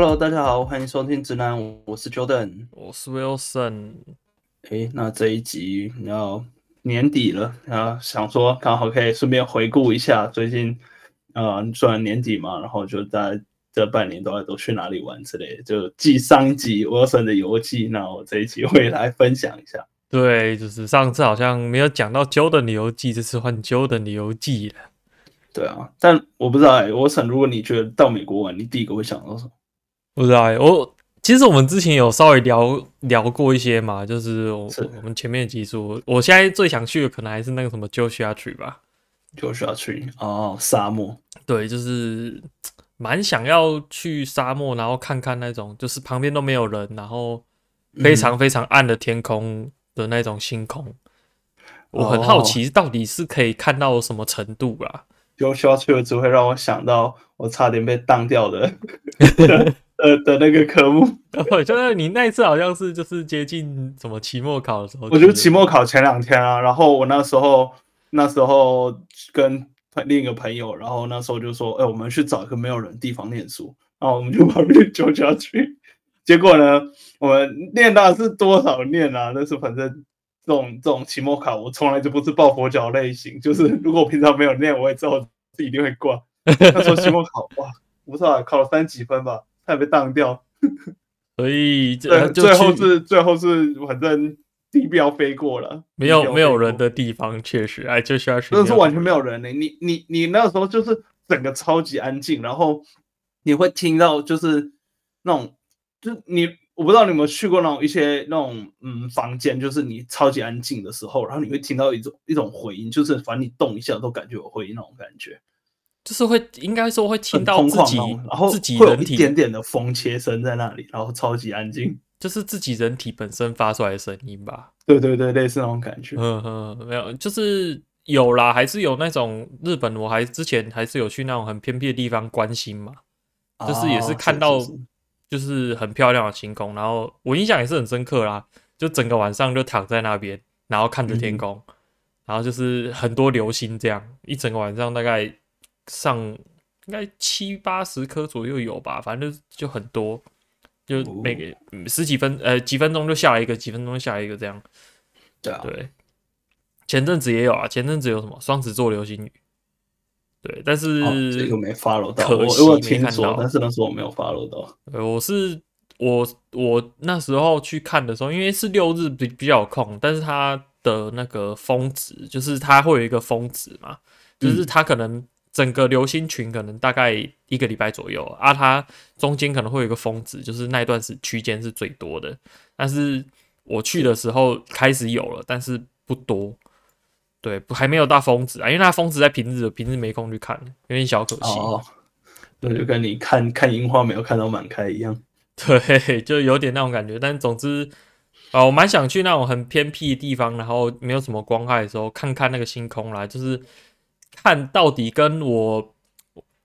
Hello，大家好，歡迎收聽直男，我是 Jorden，我是 Wilson。哎、欸，那這一集然後年底了然後、啊、想說剛好可以順便回顧一下最近，呃，算年底嘛，然後就在這半年都都去哪裡玩之類的，就寄上一集 Wilson 的遊記，那我這一期會來分享一下。對，就是上次好像沒有講到 Jorden 的遊記，這次換 Jorden 的遊記了。對啊，但我不知道哎，Wilson，如果你覺得到美國玩，你第一個會想到什麼？不知道，我其實我們之前有稍微聊聊過一些嘛，就是我是我們前面的集數。我現在最想去的可能還是那個什麼 Joshua Tree 吧。Joshua Tree 哦，沙漠。對，就是蠻想要去沙漠，然後看看那種就是旁邊都沒有人，然後非常非常暗的天空的那種星空。嗯。我很好奇，到底是可以看到什麼程度啊。Oh,Joshua Tree 只會讓我想到我差點被當掉的。 呃的那個科目，不，就是你那一次好像是就是接近什麼期末考的時候，我就期末考前兩天啊，然後我那時候那時候跟另一個朋友，然後那時候就說，哎、欸，我們去找一個沒有人的地方念書，然後我們就跑去九家去。結果呢，我們念到是多少念啊，但是反正這種這種期末考，我從來就不是抱佛腳類型，就是如果我平常沒有念，我也知道自己一定會掛。 那時候期末考哇，不知道、啊、考了三幾分吧。還被當掉，所以最 最後是最後是反正地表飛過了，沒有沒有人的地方確實哎，就是要真是完全沒有人呢、欸，你你你那個時候就是整個超級安靜，然後你會聽到就是那種就你我不知道你有沒有去過那種一些那種嗯房間，就是你超級安靜的時候，然後你會聽到一種一種回音，就是反正你動一下都感覺有回音那種感覺。就是會，應該說會聽到自己，然後自己人體有一點點的風切聲在那裡，然後超級安靜，就是自己人體本身發出來的聲音吧。對對對，類似那種感覺。嗯哼，沒有，就是有啦，還是有那種日本，我還之前還是有去那種很偏僻的地方觀星嘛，哦，就是也是看到是是是就是很漂亮的星空，然後我印象也是很深刻啦，就整個晚上就躺在那邊，然後看着天空，嗯，然後就是很多流星，這樣一整個晚上大概。上應該七八十顆左右有吧，反正就就很多，就每個、哦嗯、十幾分呃幾分鐘就下來一個，幾分鐘下來一個這樣。對啊，對。前陣子也有啊，前陣子有什麼雙子座流星雨，對，但是、哦、這個沒 follow 到，我我沒看到，但是那時候我沒有 follow 到。對，我是我我那時候去看的時候，因為是六日比比較空，但是它的那個峰值，就是它會有一個峰值嘛，就是它可能、嗯。整個流星群可能大概一個禮拜左右啊，啊它中間可能會有一個峰值，就是那一段時區間是最多的。但是我去的時候開始有了，但是不多，對，不還沒有到峰值啊，因為它峰值在平日，平日沒空去看，有點小可惜啊。對、哦，就跟你看看櫻花沒有看到滿開一樣，對，就有點那種感覺。但總之啊，我蠻想去那種很偏僻的地方，然後沒有什麼光害的時候，看看那個星空啦，就是。看到底跟我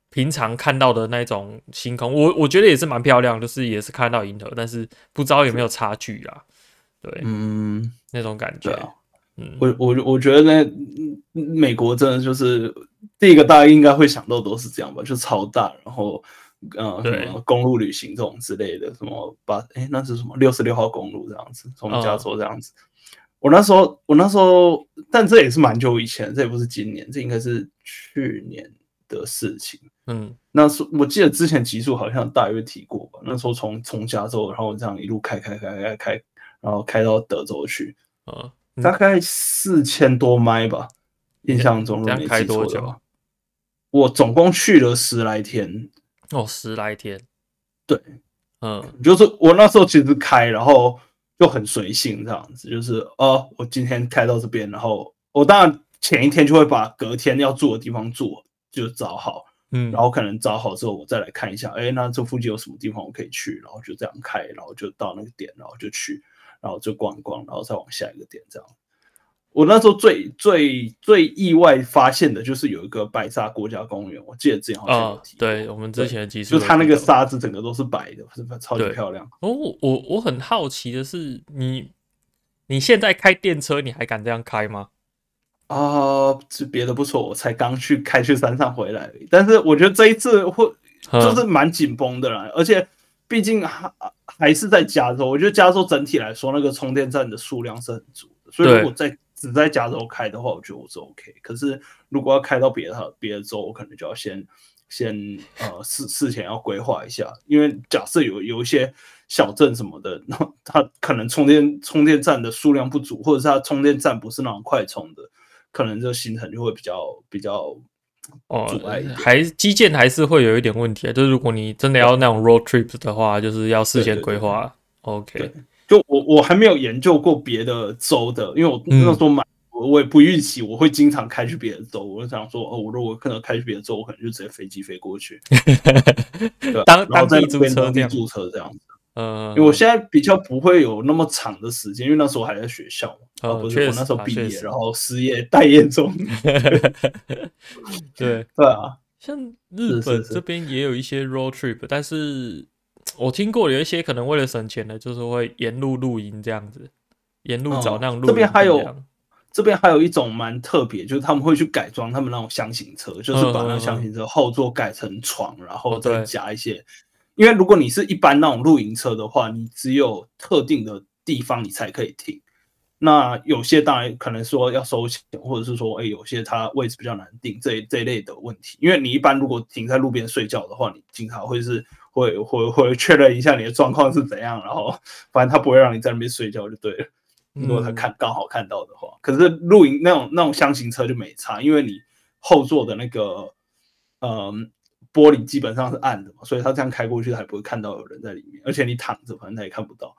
平常看到的那種星空，我我覺得也是蠻漂亮，就是也是看到銀河，但是不知道有沒有差距啦。對，嗯，那種感覺，啊、嗯，我我我覺得那美國真的就是第一個，大家應該會想到都是這樣吧，就超大，然後嗯、呃，對，公路旅行這種之類的，什麼把哎、欸，那是什麼六十六號公路這樣子，從加州這樣子。嗯。我那時候，我那時候，但這也是蠻久以前，這也不是今年，這應該是去年的事情。嗯，那時候我記得之前極速好像大約提過吧。那時候從從加州，然後這樣一路開開開開開，然後開、開、開、開、開到德州去。嗯，大概四千多邁吧、欸，印象中。兩年開多久？我總共去了十來天。哦，十來天。對，嗯，就是我那時候其實開，然後。就很隨性這樣子，就是哦，我今天開到這邊，然後我當然前一天就會把隔天要住的地方住就找好，嗯，然後可能找好之後，我再來看一下，哎、欸，那這附近有什麼地方我可以去，然後就這樣開，然後就到那個點，然後就去，然後就逛一逛，然後再往下一個點這樣。我那時候最最最意外發現的就是有一個白沙國家公園，我記得這樣好像。對，我們之前提就它那個沙子整個都是白的，是不是超級漂亮？哦，我我很好奇的是，你你現在開電車，你還敢這樣開嗎？啊、呃，這別的不說，我才剛去開去山上回來，但是我覺得這一次會就是蠻緊繃的啦。嗯、而且畢竟還還是在加州，我覺得加州整體來說那個充電站的數量是很足的，所以如果在只在加州開的話，我覺得我是 OK。可是如果要開到別的別的州，我可能就要先先呃事事前要規劃一下，因為假設有有一些小鎮什麼的，那它可能充電充電站的數量不足，或者是它充電站不是那種快充的，可能這個行程就會比較比較阻礙、哦。還基建還是會有一點問題，就是如果你真的要那種 road trip 的話，嗯、就是要事先規劃。OK。就我我還沒有研究過別的州的，因為我那時候買我、嗯、我也不預期我會經常開去別的州，我就想說哦，我如果可能開去別的州，我可能就直接飛機飛過去， 對當，然這邊當地，這樣，當地租車這樣子。嗯，因為我現在比較不會有那麼長的時間，因為那時候還在學校嘛，啊、嗯，不是我那時候畢業、啊，然後失業待業中。 對對，對啊，像日本這邊也有一些 road trip，是是是但是。我聽過有一些可能為了省錢的，就是會沿路露營這樣子，沿路找那種露營這、哦。這邊還有，這邊還有一種蠻特別，就是他們會去改裝他們那種箱型車，就是把那箱型車後座改成床，然後再加一些、哦哦。因為如果你是一般那種露營車的話，你只有特定的地方你才可以停。那有些當然可能說要收錢，或者是說，誒、哎、有些它位置比較難定這一這一類的問題。因為你一般如果停在路邊睡覺的話，你經常會是。會會會確認一下你的狀況是怎樣，然後反正他不會讓你在那邊睡覺就對了。如果他看剛好看到的話，嗯、可是露營那種那種箱型車就沒差，因為你後座的那個、呃、玻璃基本上是暗的嘛，所以他這樣開過去還不會看到有人在裡面。而且你躺着，反正他也看不到。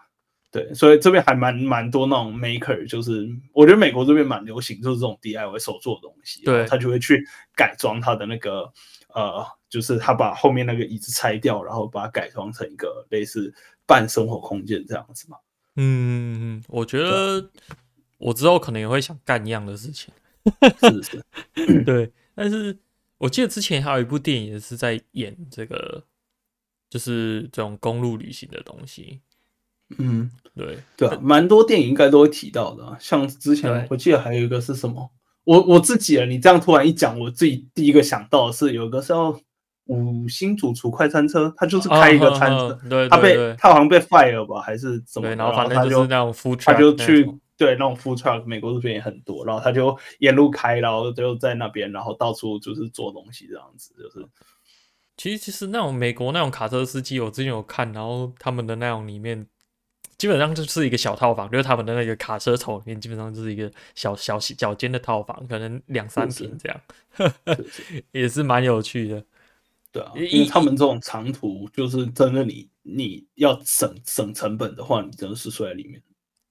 對，所以這邊還蠻蠻多那種 maker，就是我覺得美國這邊蠻流行，就是這種 DIY 手作的東西。對，他就會去改裝他的那個。呃，就是他把後面那個椅子拆掉，然後把它改裝成一個類似半生活空間這樣子嘛。嗯，我覺得我之後可能也會想幹一樣的事情。是是， 對。但是我記得之前還有一部電影也是在演這個，就是這種公路旅行的東西。嗯，對對啊，蠻多電影應該都會提到的啊。像之前我記得還有一個是什麼？我我自己啊，你這樣突然一講，我自己第一個想到的是有一個叫五星主廚快餐車，他就是開一個餐車，哦哦哦、對，他被，對對，他好像被 fire 吧，還是怎麼？對，然後他就是那種 food truck，他就去對那種、種 food truck，美國這邊也很多，然後他就沿路開，然後就在那邊，然後到處就是做東西這樣子，就是。其實其實那種美國那種卡車司機，我之前有看，然後他們的那種裡面。基本上就是一個小套房，就是他們的那個卡車頭裡面基本上就是一個小小小間的套房，可能兩三平這樣，是是是 也是蠻有趣的。對啊，因為他們這種長途，就是真的你你要省省成本的話，你真的是睡在裡面。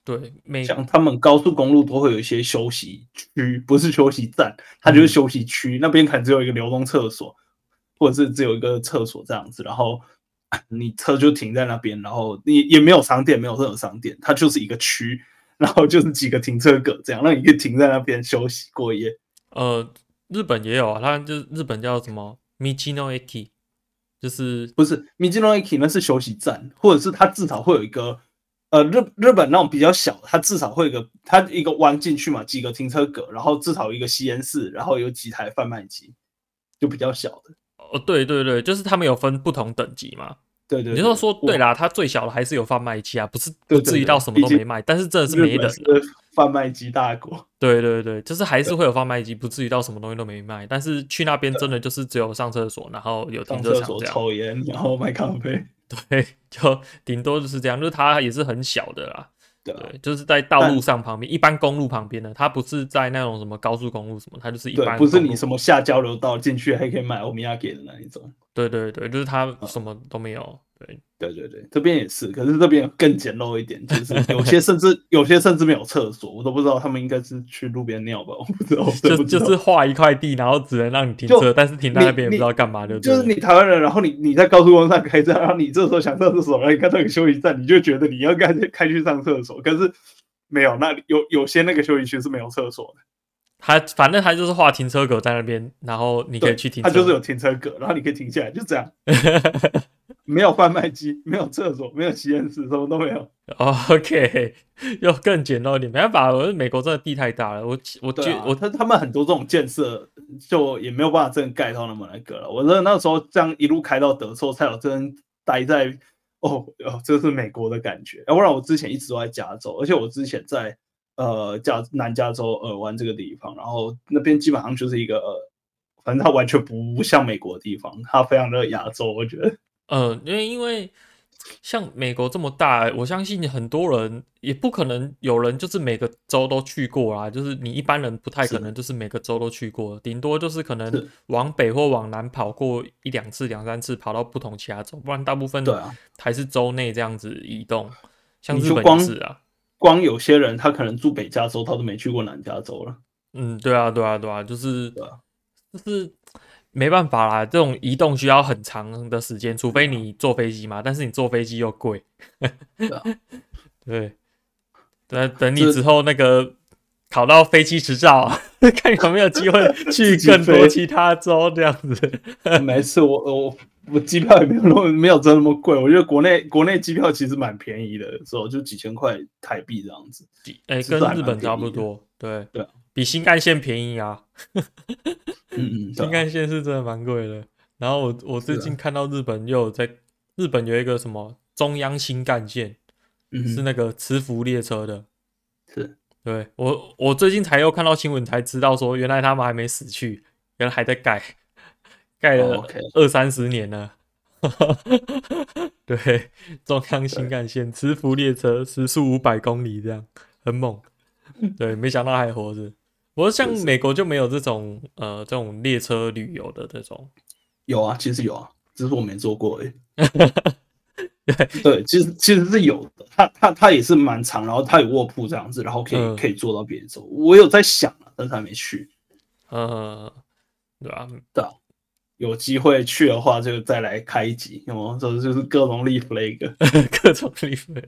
對，每，像他們高速公路都會有一些休息區，不是休息站，它就是休息區、嗯，那邊可能只有一個流動廁所，或者是只有一個廁所這樣子，然後。 你車就停在那邊，然後也也沒有商店，沒有任何商店，它就是一個區，然後就是幾個停車格，這樣那你可以停在那邊休息過夜。呃，日本也有啊，它就是日本叫什麼 Michi no Eki，就是不是 Michi no Eki，那是休息站，或者是它至少會有一個，呃，日日本那種比較小的，它至少會有一個，它一個彎進去嘛，幾個停車格，然後至少有一個吸煙室，然後有幾台販賣機，就比較小的。哦，對對對，就是他們有分不同等級嘛。對對，你要說，說對啦，它最小的還是有販賣機啊，不是不至於到什麼都沒賣，對對對，但是真的是沒的。販賣機大國。對對對，就是還是會有販賣機，不至於到什麼東西都沒賣，但是去那邊真的就是只有上廁所，然後有停車場這樣，抽煙，然後買咖啡。對，就頂多就是這樣，就是它也是很小的啦。對，對就是在道路上旁邊，一般公路旁邊的，它不是在那種什麼高速公路什麼，它就是一般公路。對，不是你什麼下交流道進去還可以買歐米亞給的那一種。對對對，就是他什麼都沒有。對、啊、對對對，這邊也是，可是這邊更簡陋一點，就是有些甚至 有些甚至沒有廁所，我都不知道他們應該是去路邊尿吧，我不知道。知道就就是畫一塊地，然後只能讓你停車，但是停在那邊也不知道幹嘛。就對就是你台灣人，然後你你在高速公路上開車，然後你這時候想上廁所，然後你看到有休息站，你就覺得你要開開去上廁所，可是沒有。那有有，有些那個休息區是沒有廁所的。他反正他就是畫停車格在那邊，然後你可以去停車。他就是有停車格，然後你可以停下來，就這樣。 沒有販賣機，沒有廁所，沒有實驗室，什麼都沒有。OK，要更簡陋一點，沒辦法，我美國真的地太大了。我我覺、啊、我他他們很多這種建設，就也沒有辦法真的蓋到那麼那個了。我真的那時候這樣一路開到德州，才有真的待在哦，哦，這是美國的感覺。要不然我之前一直都在加州，而且我之前在。呃，加南加州爾灣這個地方，然後那邊基本上就是一個，呃、反正它完全不像美國的地方，它非常的亞洲，我覺得。嗯、呃，因為因為像美國這麼大，我相信很多人也不可能有人就是每個州都去過啦，就是你一般人不太可能就是每個州都去過，頂多就是可能往北或往南跑過一兩次、兩三次，跑到不同其他州，不然大部分的還是州內這樣子移動，啊、像日本子啊。光有些人，他可能住北加州，他都沒去過南加州了。嗯，對啊，對啊，對啊，就是，啊、就是沒辦法啦。這種移動需要很長的時間，除非你坐飛機嘛。但是你坐飛機又貴。對、啊、 對。等等你之後那個考到飛機執照，看有沒有機會去更多其他州這樣子。 沒事，我我。我機票也沒有沒有這麼貴，我覺得國內國內機票其實蠻便宜的，是吧？就幾千塊台幣這樣子，哎、欸，跟日本差不多，對對、啊，比新干線便宜啊。 嗯嗯，啊，新幹線是真的蠻貴的。然後我我最近看到日本又有在、啊、日本有一個什麼中央新幹線、嗯，是那個磁浮列車的，是，對，我我最近才又看到新聞才知道說原來他們還沒死去，原來還在改。蓋了二三十年了， 對，中央新幹線磁浮列車時速五百公里，這樣很猛。對，沒想到還活着。不 過像美國就沒有這種呃這種列車旅遊的這種。有啊，其實有啊，只是我沒坐過而、欸、已。 對，其實其實是有的，它它它也是蠻長，然後它有臥鋪這樣子，然後可以、呃、可以坐到別州。我有在想啊，但是還沒去。呃、嗯嗯，對啊，對有機會去的話，就再來開一集嗎？這就是各種立 flag 各種立 flag，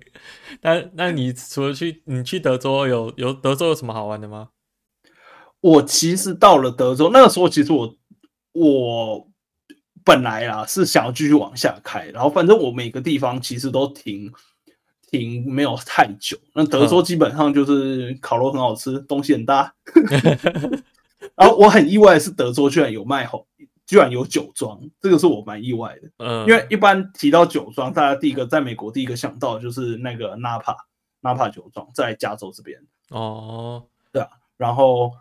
那那你除了去，你去德州有有德州有什麼好玩的嗎？我其實到了德州那個時候，其實我我本來啊是想要繼續往下開，然後反正我每個地方其實都停停沒有太久。那德州基本上就是烤肉很好吃，嗯、東西很大， 然後我很意外是，德州居然有賣火。居然有酒莊，這個是我蠻意外的。嗯，因為一般提到酒莊、呃，大家第一個在美國第一個想到就是那個納帕，納帕酒莊在加州這邊。哦，對啊，然後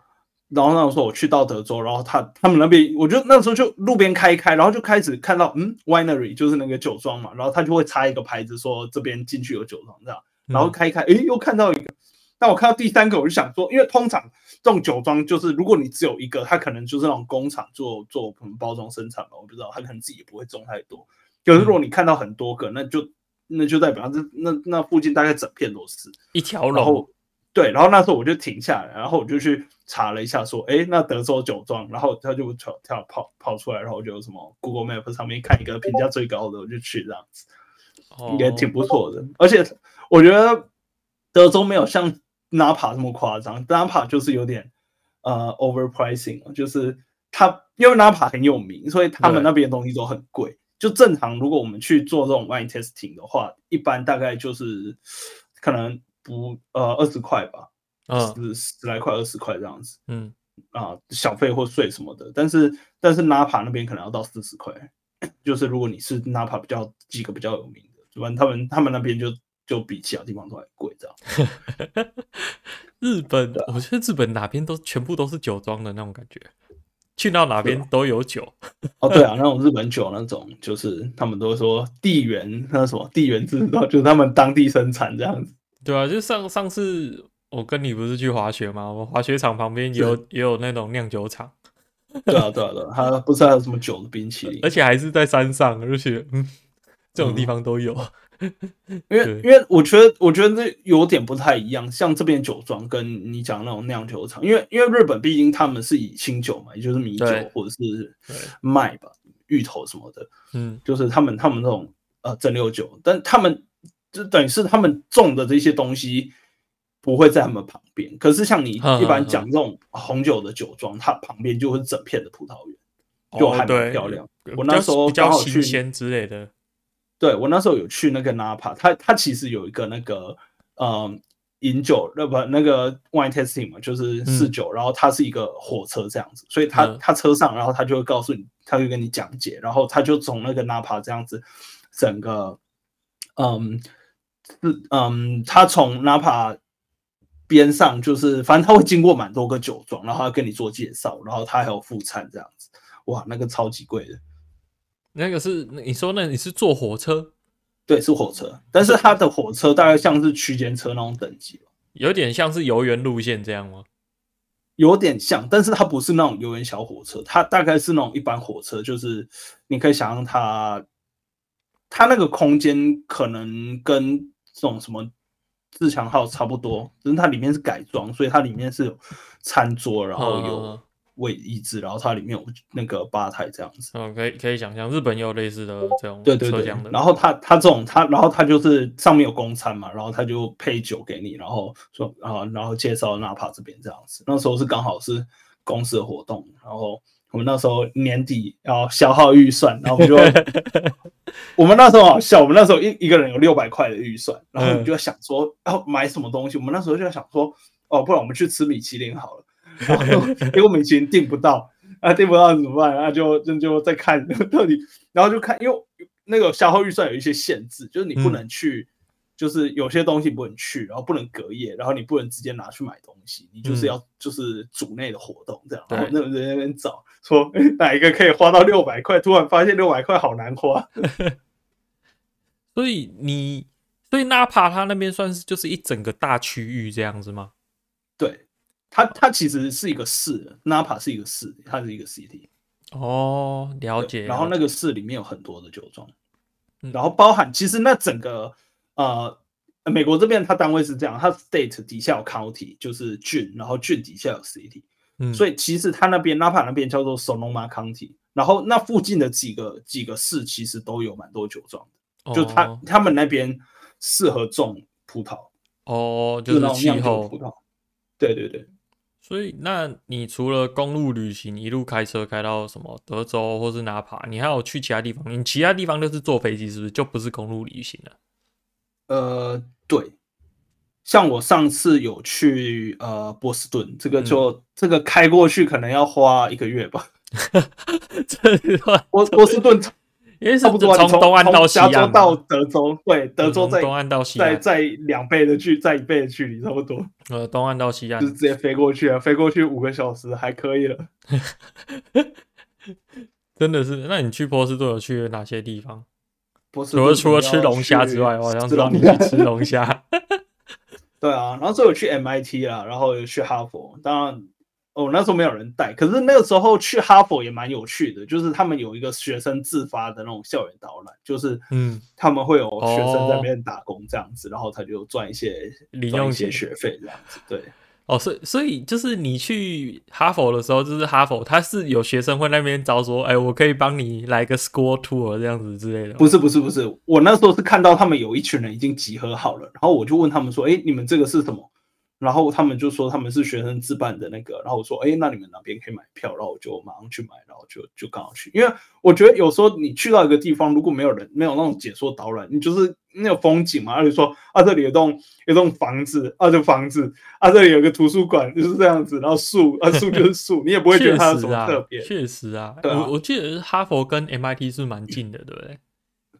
然後那時候我去到德州，然後他他們那邊，我就那時候就路邊開一開，然後就開始看到嗯，winery 就是那個酒莊嘛，然後他就會插一個牌子說這邊進去有酒莊這樣，然後開一開，哎、嗯，又看到一個。但我看到第三個，我就想說，因為通常這種酒莊就是，如果你只有一個，它可能就是那種工廠做做可能包裝生產吧，我不知道，它可能自己也不會種太多。就是如果你看到很多個，嗯、那就那就代表這那那，那附近大概整片都是一條龍。然後對，然後那時候我就停下來，然後我就去查了一下，說，哎、欸，那德州酒莊，然後他就跳跳跑跑,跑出來，然後就什麼 Google Map 上面看一個評價最高的，我就去這樣子，應該挺不錯的、哦。而且我覺得德州沒有像。Napa 這麼誇張，Napa 就是有點呃 overpricing 就是他，因為 Napa 很有名，所以他們那邊的東西都很貴。就正常，如果我們去做這種 wine testing 的話，一般大概就是可能不呃二十塊吧，十、啊、十來塊二十塊這樣子。嗯，啊、呃、小費或稅什麼的，但是但是 Napa 那邊可能要到四十塊，就是如果你是 Napa 比較幾個比較有名的，反正他們他們那邊就。就比其他地方都還貴， 日本的、啊，我覺得日本哪邊都全部都是酒莊的那種感覺，去到哪邊都有酒。啊、 哦，對啊，那種日本酒那種， 就是他們都會說地緣，那什麼地緣製造， 就是他們當地生產這樣子。對啊，就上上次我跟你不是去滑雪嘛？我滑雪場旁邊也有也有那種釀酒廠。 對啊，對啊，對啊，它不是還有什麼酒的冰淇淋，而且還是在山上，而、就、且、是、嗯，這種地方都有。嗯 因為因為我覺得我覺得那有點不太一樣，像這邊酒莊跟你講那種釀酒廠，因為因為日本畢竟他們是以清酒嘛，也就是米酒或者是麥吧、芋頭什麼的，嗯，就是他們他們那種呃蒸餾酒，但他們就等於是他們種的這些東西不會在他們旁邊，可是像你一般講這種紅酒的酒莊、嗯嗯嗯，它旁邊就是整片的葡萄園、哦，就很漂亮。我那時候好去比較新鮮之類的。對我那時候有去那個納帕，他他其實有一個那個呃飲酒那不那個 wine tasting 嘛，就是試酒、嗯，然後它是一個火車這樣子，所以他他、嗯、車上，然後他就會告訴你，他會跟你講解，然後他就從那個納帕這樣子，整個嗯是嗯他、嗯、從納帕邊上就是，反正他會經過蠻多個酒莊，然後他跟你做介紹，然後他還有副餐這樣子，哇，那個超級貴的。那個是，你說，那你是坐火車？對，是火車。但是它的火車大概像是區間車那種等級，有點像是遊園路線這樣嗎？有點像，但是它不是那種遊園小火車，它大概是那種一般火車，就是你可以想象它，它那個空間可能跟這種什麼自強號差不多，只是它裡面是改裝，所以它裡面是有餐桌，然後有。呵呵呵位一致，然後它裡面有那個吧台這樣子。哦，可以可以想象日本也有類似的這種的。對對對。然後他他這種他然後它就是上面有供餐嘛，然後它就配酒給你，然後說啊、呃，然後介紹納帕這邊這樣子。那時候是剛好是公司的活動，然後我們那時候年底要消耗預算，然後我們就 我們那時候、啊、小我們那時候一一個人有六百塊的預算，然後我們就想說要買什麼東西、嗯。我們那時候就想說，哦，不然我們去吃米其林好了。 然後因為我們以前訂不到，啊，訂不到怎麼辦？那、啊、就就就再看到底，然後就看，因為那個消耗預算有一些限制，就是你不能去，嗯、就是有些東西不能去，然後不能隔夜，然後你不能直接拿去買東西，嗯、你就是要就是組內的活動，這樣。然後那種人找說哪一個可以花到六百塊，突然發現六百塊好難花。所以你，所以納帕他那邊算是就是一整個大區域這樣子嗎？對。它它其實是一個市，Napa 是一個市，它是一個 city。哦，了解。然後那個市裡面有很多的酒莊。嗯，然後包含其實那整個呃美國這邊它單位是這樣，它 state 底下有 county，就是郡，然後郡底下有 city。嗯，所以其實他那邊 Napa 那邊叫做 Sonoma County，然後那附近的幾個幾個市其實都有蠻多酒莊的，哦，就他他們那邊適合種葡萄。哦，就是氣候，就是、種種葡萄。對對對。所以，那你除了公路旅行，一路開車開到什麼德州或是拿帕，你還有去其他地方？你其他地方都是坐飛機，是不是就不是公路旅行了啊？呃，對，像我上次有去呃波士頓，這個就，嗯、這個開過去可能要花一個月吧。哈， 這 波波士頓。因為差不多從、啊東，嗯、東岸到西岸，到德州，對，德州在東岸到西岸，在在兩倍的距，在一倍的距離，差不多。呃，東岸到西岸，就直接飛過去啊，飛過去五個小時，還可以了。 真的是，那你去波士頓有去了哪些地方？波士頓除了除了吃龍蝦之外，我好像知道你去吃龍蝦。 對啊，然後最後去 MIT 啦，然後又去哈佛，當然。哦、oh，那時候沒有人帶，可是那個時候去哈佛也蠻有趣的，就是他們有一個學生自發的那種校園導覽，就是嗯，他們會有學生在那邊打工這樣子，嗯哦、然後他就賺一些零用錢、一些學費這樣子。對，哦，所以所以就是你去哈佛的時候，就是哈佛他是有學生會那邊找說，哎、欸，我可以幫你來個 school tour 這樣子之類的。不是不是不是，我那時候是看到他們有一群人已經集合好了，然後我就問他們說，哎、欸，你們這個是什麼？然後他們就說他們是學生自辦的那個，然後我說，哎，那你們那邊可以買票？然後我就馬上去買，然後就就剛好去，因為我覺得有時候你去到一個地方，如果沒有人沒有那種解說導覽，你就是那種風景嘛，而且說啊，這裡有棟有棟房子啊，這房子啊，這裡有個圖書館，就是這樣子，然後樹啊，樹就是樹，你也不會覺得它有什麼特別。確實啊，確實啊對，我我記得哈佛跟 MIT 是蠻近的，對不對？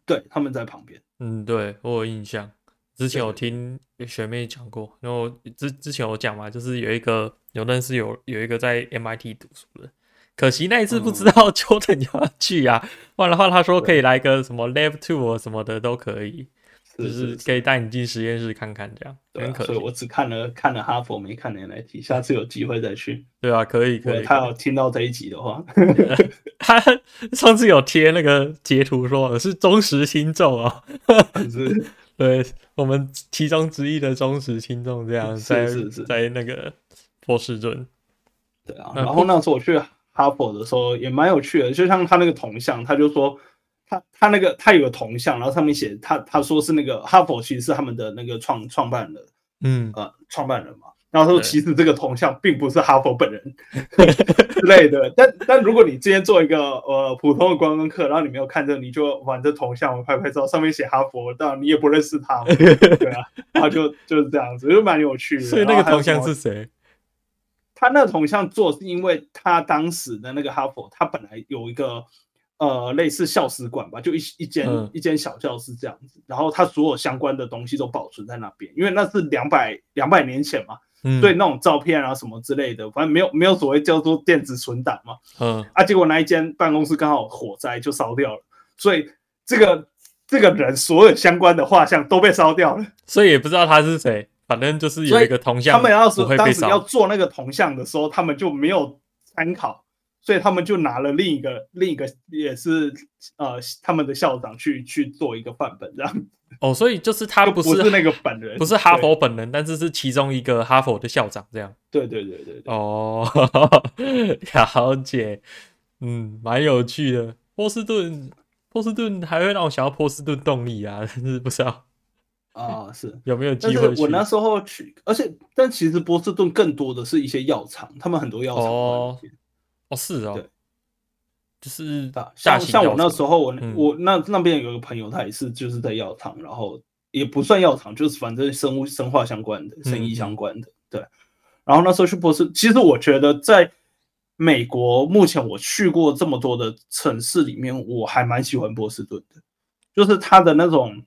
對，他們在旁邊。嗯，對我有印象。之前有聽學妹講過，然後之之前有講嘛，就是有一個有認識有有一個在 MIT 讀書的，可惜那一次不知道 Jorden 要去啊，不然的話他說可以來個什麼 Lab Tour 什麼的都可以，就是可以帶你進實驗室看看這樣。是是是對，啊對啊可，所以我只看了看了哈佛，沒看 MIT，下次有機會再去。對啊，可以，可以。他有聽到這一集的話，他上次有貼那個截圖說我是忠實星座啊、哦。 對我們其中之一的忠實聽眾，這樣在是是是在那個波士頓，對啊，然後那時候我去哈佛的時候也蠻有趣的，就像他那個銅像，他就說他他那個他有個銅像，然後上面寫他他說是那個哈佛其實是他們的那個創創辦人，嗯、呃，創辦人嘛。然後說，其實這個銅像並不是哈佛本人 之類的。但但如果你今天做一個呃普通的觀光客，然後你沒有看這個，你就玩著銅像，拍拍照，上面寫哈佛，當然你也不認識他， 對啊。然後就就是這樣子，就蠻有趣的。所以那個銅像是誰？他那銅像做是因為他當時的那個哈佛，他本來有一個呃類似校史館吧，就一一間、嗯、一間小教室這樣子。然後他所有相關的東西都保存在那邊，因為那是兩百兩百年前嘛。嗯、對那種照片啊，什麼之類的，反正沒有沒有所謂叫做電子存檔嘛。嗯啊，結果那一間辦公室剛好火災就燒掉了，所以這個這個人所有相關的畫像都被燒掉了，所以也不知道他是誰，反正就是有一個銅像。他們要是當時要做那個銅像的時候，他們就沒有參考，所以他們就拿了另一個另一個也是呃他們的校長去去做一個範本，這樣。哦，所以就是他不是，不是那個本人， 不是哈佛本人，但是是其中一個哈佛的校長這樣。對對對對，對，對。哦， 了解，嗯，蠻有趣的。波士頓，波士頓還會讓我想到波士頓動力啊，但是不知道啊、哦，是 有沒有機會去？我那時候去，而且但其實波士頓更多的是一些藥廠，他們很多藥廠。哦，哦，是哦。對是的，像像我那時候我、嗯，我我那那邊有一個朋友，他也是就是在藥廠，然後也不算藥廠，就是反正生物、生化相關的、生意相關的，嗯、對。然後那時候去波士，其實我覺得在美國，目前我去過這麼多的城市裡面，我還蠻喜歡波士頓的，就是它的那種，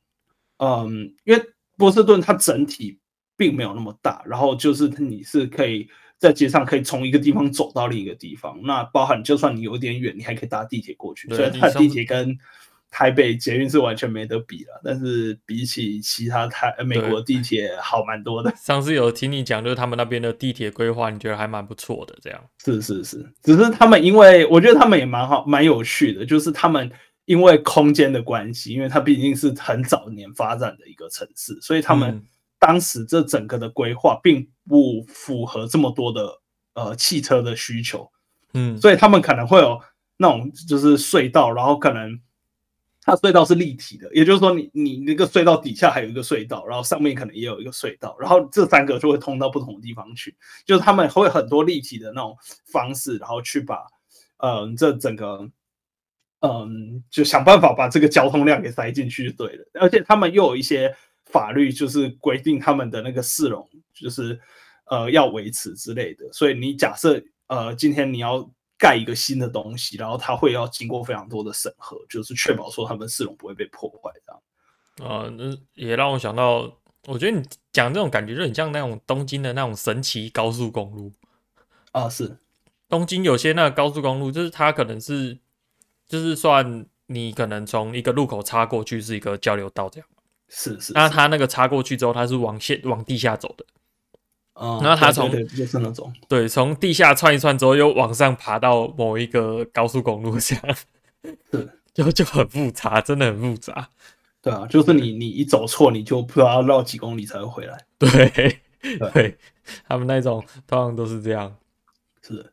嗯，因為波士頓它整體並沒有那麼大，然後就是你是可以。在街上可以從一個地方走到另一個地方，那包含就算你有點遠，你還可以搭地鐵過去。雖然它地鐵跟台北捷運是完全沒得比了，但是比起其他台，呃，美國地鐵好蠻多的。上次有聽你講，就是他們那邊的地鐵規劃，你覺得還蠻不錯的。這樣，是是是，只是他們因為我覺得他們也蠻好蠻有趣的，就是他們因為空間的關係，因為它畢竟是很早年發展的一個城市，所以他們當時這整個的規劃並、嗯。不符合這麼多的呃汽車的需求，嗯，所以他們可能會有那種就是隧道，然後可能它隧道是立體的，也就是說你你那個隧道底下還有一個隧道，然後上面可能也有一個隧道，然後這三個就會通到不同的地方去，就是他們會很多立體的那種方式，然後去把嗯、呃、這整個嗯、呃、就想辦法把這個交通量給塞進去就對了，而且他們又有一些法律就是規定他們的那個市容。就是，呃，要維持之類的，所以你假設，呃，今天你要蓋一個新的東西，然後它會要經過非常多的審核，就是確保說他們市容不會被破壞這樣。呃，那也讓我想到，我覺得你講這種感覺就很像那種東京的那種神奇高速公路啊。是，東京有些那個高速公路，就是它可能是，就是算你可能從一個路口插過去是一個交流道這樣。是是,是,是。那它那個插過去之後，它是往線往地下走的。啊、嗯，那他從對對對就是那種對，從地下竄一竄之後，又往上爬到某一個高速公路下，對， 就就很複雜，真的很複雜，對啊，就是你你一走錯，你就不知道要繞幾公里才會回來，對，對，對他們那種通常都是這樣，是，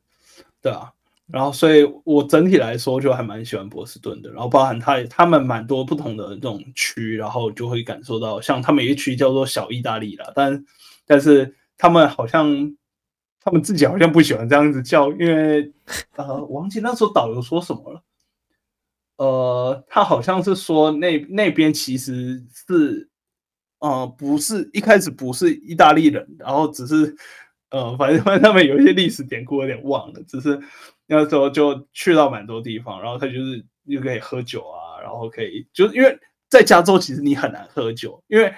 對啊，然後所以，我整體來說就還蠻喜歡波士頓的，然後包含他他們蠻多不同的這種區，然後就會感受到，像他們一區叫做小意大利啦，但但是。他們好像，他們自己好像不喜歡這樣子叫，因為呃，忘記那時候導遊說什麼了。呃，他好像是說那那邊其實是，呃，不是一開始不是意大利人，然後只是，呃，反正反正他們有一些歷史典故有點忘了，只是那時候就去到蠻多地方，然後他就是又可以喝酒啊，然後可以，就是因為在加州其實你很難喝酒，因為。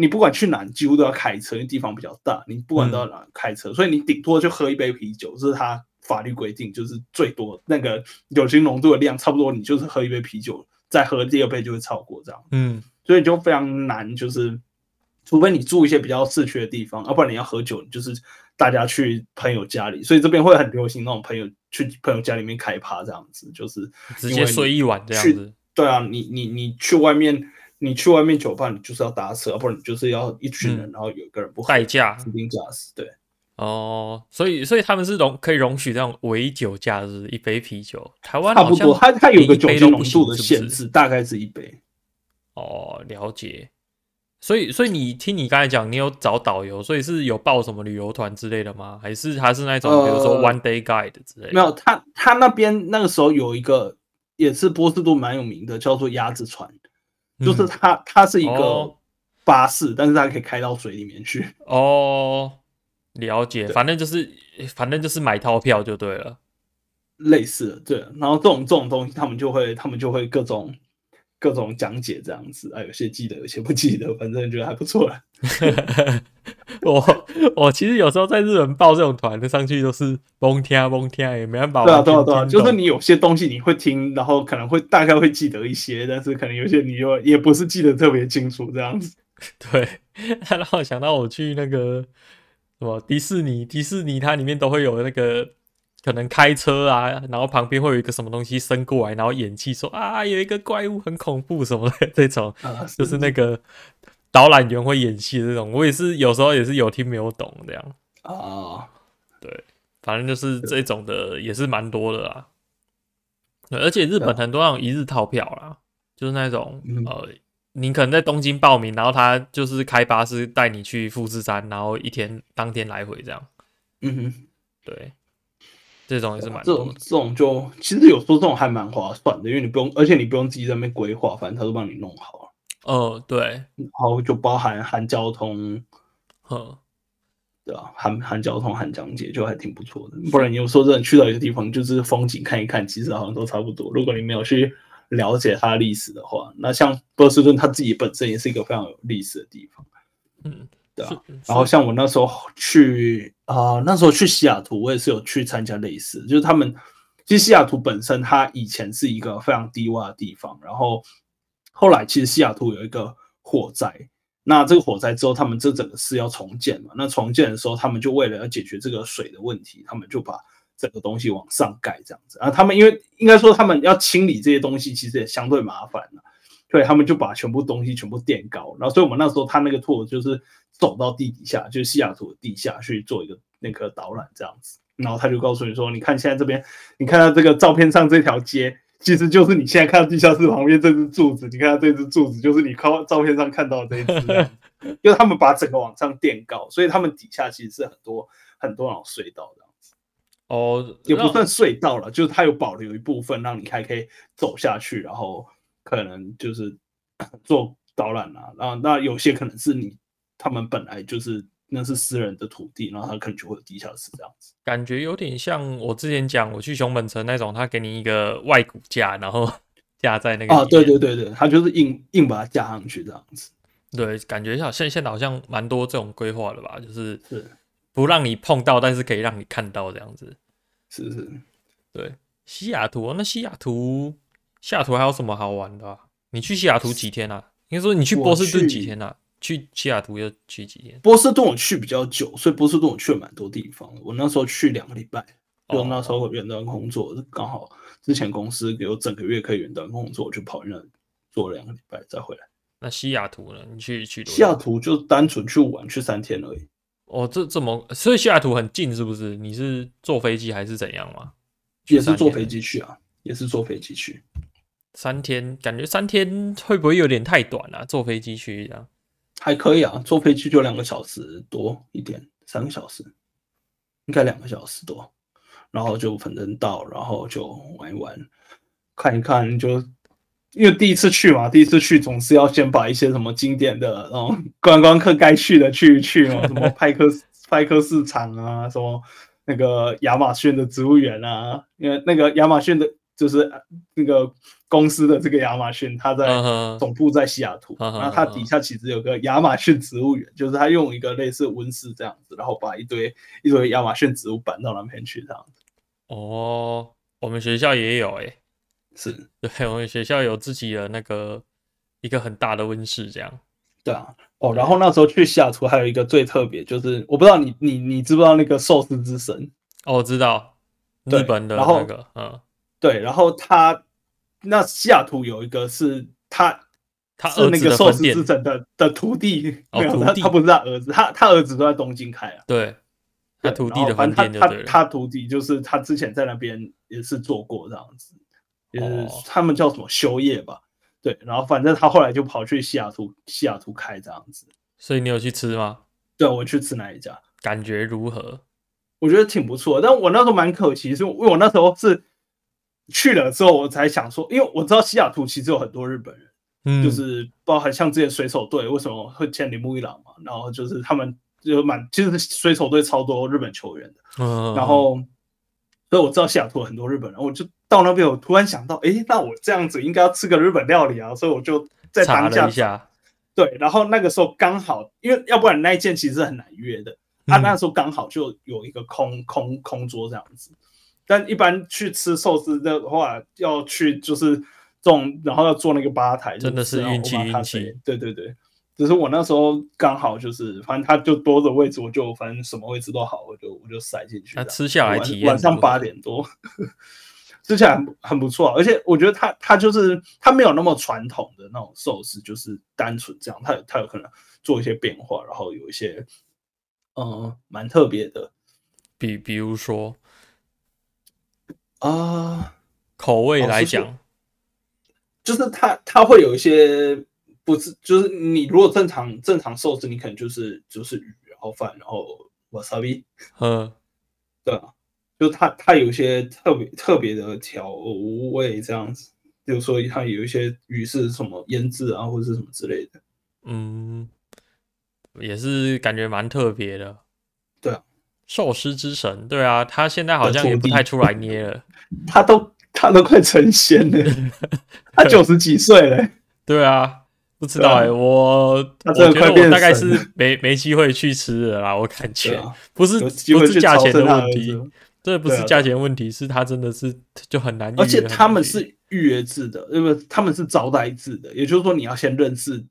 你不管去哪，你幾乎都要開車，因為地方比較大。你不管到哪開車，嗯，所以你頂多就喝一杯啤酒，這，就是它法律規定，就是最多那個酒精濃度的量，差不多你就是喝一杯啤酒，再喝第二杯就會超過這樣。嗯，所以就非常難，就是除非你住一些比較市區的地方，要，啊，不然你要喝酒，就是大家去朋友家裡，所以這邊會很流行那種朋友去朋友家裡面開趴這樣子，就是直接睡一晚這樣子。對啊，你你你，你去外面。你去外面酒吧，你就是要打車，不然你就是要一群人，嗯、然後有一個人不代駕，指定駕駛。對，哦、呃，所以所以他們是容可以容許這樣微酒駕，一杯啤酒，台灣好像是不是差不多，他他有個酒精濃度的限制，大概是一杯。哦、呃，了解。所以所以你聽你剛才講，你有找導遊，所以是有報什麼旅游團之類的嗎？還是還是那種比如說 one day guide 之類的？呃、沒有，他他那邊那個時候有一個，也是波士頓蠻有名的，叫做鴨子船。就是它，它是一個巴士，嗯哦、但是它可以開到水裡面去。哦，了解。反正就是，反正就是買套票就對了。類似的，對了。然後這種這種東西，他們就會，他們就會各種，各種講解這樣子啊，有些記得，有些不記得，反正覺得還不錯了。 我我其實有時候在日本報這種團，的上去都是蒙聽，蒙聽，也沒辦法。對啊，對啊，對啊，對啊，就是你有些東西你會聽，然後可能會大概會記得一些，但是可能有些你又也不是記得特別清楚這樣子。 對，啊，然後想到我去那個什麼迪士尼，迪士尼它裡面都會有那個。可能開車啊，然後旁邊會有一個什麼東西伸過來，然後演戲說啊，有一個怪物很恐怖什麼的這種，就是那個導覽員會演戲的這種，我也是有時候也是有聽沒有懂這樣啊，對，反正就是這種的也是蠻多的啦，而且日本很多那種一日套票啦，就是那種、嗯、呃，你可能在東京報名，然後他就是開巴士帶你去富士山，然後一天當天來回這樣，嗯，對。這種也是蠻的，這種這種就其實有時候這種還蠻划算的，因為你不用，而且你不用自己在那邊規劃，反正他都幫你弄好。哦，對，然後就包含含交通，呃，對吧、啊？含含交通含講解，就還挺不錯的。不然你有時候真的去到一個地方，就是風景看一看，其實好像都差不多。如果你沒有去了解它的歷史的話，那像波士頓，它自己本身也是一個非常有歷史的地方。嗯。啊、是是然後像我那時候去啊、呃，那時候去西雅圖，我也是有去參加類似，就是他們其實西雅圖本身，它以前是一個非常低窪的地方，然後後來其實西雅圖有一個火災，那這個火災之後，他們這整個是要重建嘛，那重建的時候，他們就為了要解決這個水的問題，他們就把整個東西往上蓋這樣子，然後他們因為應該說他們要清理這些東西，其實也相對麻煩了。對，他們就把全部東西全部墊高，然後所以我們那時候他那個 tour 就是走到地底下，就是西雅圖的地下去做一個那個導覽這樣子。然後他就告訴你說：“你看現在這邊，你看到這個照片上這條街，其實就是你現在看到地下室旁邊這隻柱子。你看到這隻柱子，就是你靠照片上看到的這隻，因 為他們把整個往上墊高，所以他們底下其實是很多很多種隧道這樣子。哦，也不算隧道了，就是他有保留有一部分讓你還可以走下去，然後。”可能就是做導覽啊，然後，啊，那有些可能是你他們本來就是那是私人的土地，然後他可能就會有地下室這樣子。感覺有點像我之前講我去熊本城那種，他給你一個外骨架，然後架在那個。啊，對對對對，他就是硬硬把它架上去這樣子。對，感覺好像現在好像蠻多這種規劃了吧，就是是不讓你碰到，但是可以讓你看到這樣子。是是。對，西雅圖哦，那西雅圖。西雅圖還有什麼好玩的、啊？你去西雅圖幾天啊？你說你去波士頓幾天啊去？去西雅圖又去幾天？波士頓我去比較久，所以波士頓我去了蠻多地方。我那時候去兩個禮拜，我、哦、那時候遠端工作，剛、哦、好之前公司給我整個月可以遠端工作，就跑那做兩個禮拜再回來。那西雅圖呢？你去去西雅圖就單純去玩去三天而已。哦，這怎麼，所以西雅圖很近是不是？你是坐飛機還是怎樣嗎？也是坐飛機去啊，也是坐飛機去。三天感覺三天會不會有點太短了、啊？坐飛機去一下，還可以啊，坐飛機就兩個小時多一點，三個小時，應該兩個小時多，然後就反正到，然後就玩一玩，看一看就，就因為第一次去嘛，第一次去總是要先把一些什麼經典的，然、嗯、後觀光客該去的去去嘛，什麼派克 派克市場啊，什麼那個亞馬遜的植物園啊，因為那個亞馬遜的。就是那個公司的這個亞馬遜，它在總部在西雅圖，uh -huh. 然後它底下其實有個亞馬遜植物園，uh -huh. 就是它用一個類似溫室這樣子，然後把一堆一堆亞馬遜植物搬到那邊去這樣子。哦、oh，我們學校也有哎、欸，是對我們學校有自己的那個一個很大的溫室這樣。對啊，哦、oh，然後那時候去西雅圖還有一個最特別，就是我不知道你你你知不知道那個壽司之神？哦、oh，我知道，日本的那個嗯。對，然後他那西雅圖有一個是他他兒子是那個壽司之神的的徒弟，哦、沒有他他不是他兒子，他他兒子都在東京開啊。對，他徒弟的分店就對了、嗯、反正他，他，他徒弟就是他之前在那邊也是做過這樣子，哦就是他們叫什麼修業吧？對，然後反正他後來就跑去西雅圖西雅圖開這樣子。所以你有去吃嗎？對，我去吃那一家，感覺如何？我覺得挺不錯，但我那時候蠻可惜，是因為我那時候是。去了之後，我才想說，因為我知道西雅圖其實有很多日本人，嗯、就是包含像這些水手隊，為什麼會鈴木一朗嘛，然後就是他們就蠻，其、就、實、是、水手隊超多日本球員的，嗯、然後所以我知道西雅圖很多日本人，我就到那邊，我突然想到，哎、欸，那我這樣子應該要吃個日本料理啊，所以我就再查了一下，對，然後那個時候剛好，因為要不然那一間其實很難約的，他、嗯啊、那時候剛好就有一個空空空桌這樣子。但一般去吃壽司的話，要去就是這種，然後要坐那個吧台。真的是運氣運氣，對對對。只是我那時候剛好就是，反正他就多的位置，我就反正什麼位置都好，我就我就塞進去。他吃下來體驗晚上八點多，吃起來很不錯，而且我覺得他他就是他沒有那麼傳統的那種壽司，就是單純這樣，他有，他有可能做一些變化，然後有一些嗯、呃、蠻特別的。比比如說。啊、uh,，口味來講、哦，就是他他、就是、會有一些不是，就是你如果正常正常壽司，你可能就是就是魚，然後飯，然後 wasabi。嗯，對啊，就他他有一些特別特別的調味這樣子，比如說他有一些魚是什麼醃製啊，或者是什麼之類的。嗯，也是感覺蠻特別的。壽司之神，對啊，他現在好像也不太出來捏了。 他都他都快成仙 了，他九十幾歲了。對啊，不知道哎、欸，我他真的快變我覺得我大概是沒沒機會去吃了啦，看啊。我感覺不是不是價錢的問題，這、啊、不是價錢問題，是他真的是就很難很。而且他們是預約制的，因為他們是招待制的，也就是說你要先認識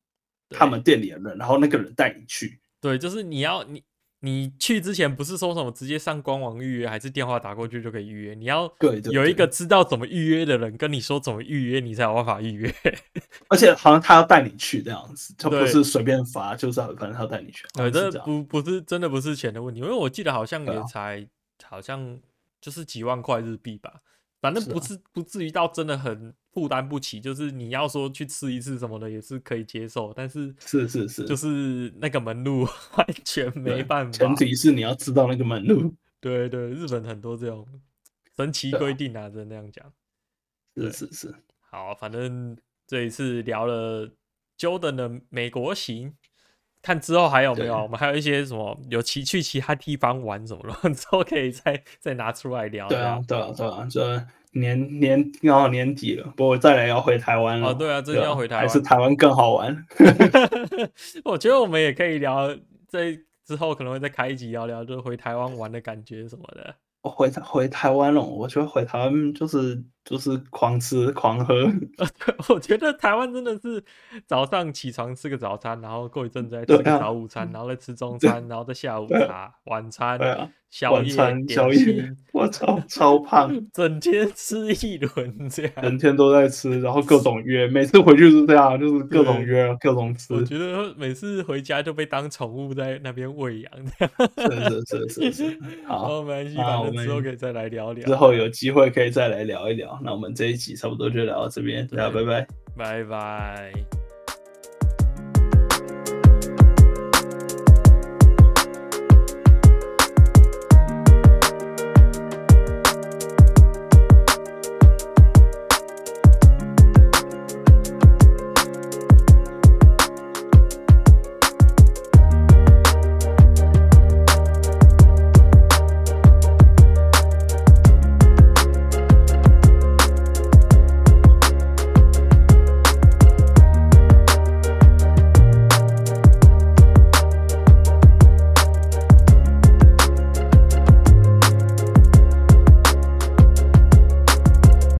他們店裡的人，然後那個人帶你去。對，就是你要你。你去之前不是說什麼直接上官網預約，還是電話打過去就可以預約？你要有一個知道怎麼預約的人跟你說怎麼預約，你才有辦法預約。對對對對 而且好像他要帶你去這樣子，他不是隨便發，就是反正他帶你去。這對，但不不是真的不是錢的問題，因為我記得好像也才、啊、好像就是幾萬塊日幣吧。反正不至、啊、不至於到真的很負擔不起，就是你要說去吃一次什麼的也是可以接受，但是是是是，就是那個門路完全沒辦法，是是是。前提是你要知道那個門路。對對，對，日本很多這種神奇規定啊，真那、啊、樣講。是是是，好，反正這一次聊了 Jordan 的美國行。看之後還有沒有？我們還有一些什麼，尤其去其他地方玩什麼的之後可以再再拿出來聊、啊。對啊，對啊，對啊，這年年剛好年底了，啊、不過我再來要回台灣了。啊，對啊，真的要回台灣、啊，還是台灣更好玩。 我覺得我們也可以聊，在之後可能會再開一集聊聊，就是、回台灣玩的感覺什麼的。回台回台灣了，我覺得回台灣就是。就是狂吃狂喝啊！對， 我覺得台灣真的是早上起床吃個早餐，然後過一陣子再吃個早午餐，啊、然後再吃中餐，然後再下午茶、啊、晚餐、宵夜、宵夜、夜。我操，超胖， 整天吃一輪這樣，整天都在吃，然後各種約， 每次回去就是這樣，就是各種約，各種吃。我覺得每次回家就被當寵物在那邊餵養。哈哈哈哈哈！是是是、是、是，好，沒關係，那我們之後可以再來聊聊，之後有機會可以再來聊一聊。那我們這一集差不多就聊到這邊，大家拜拜，拜拜。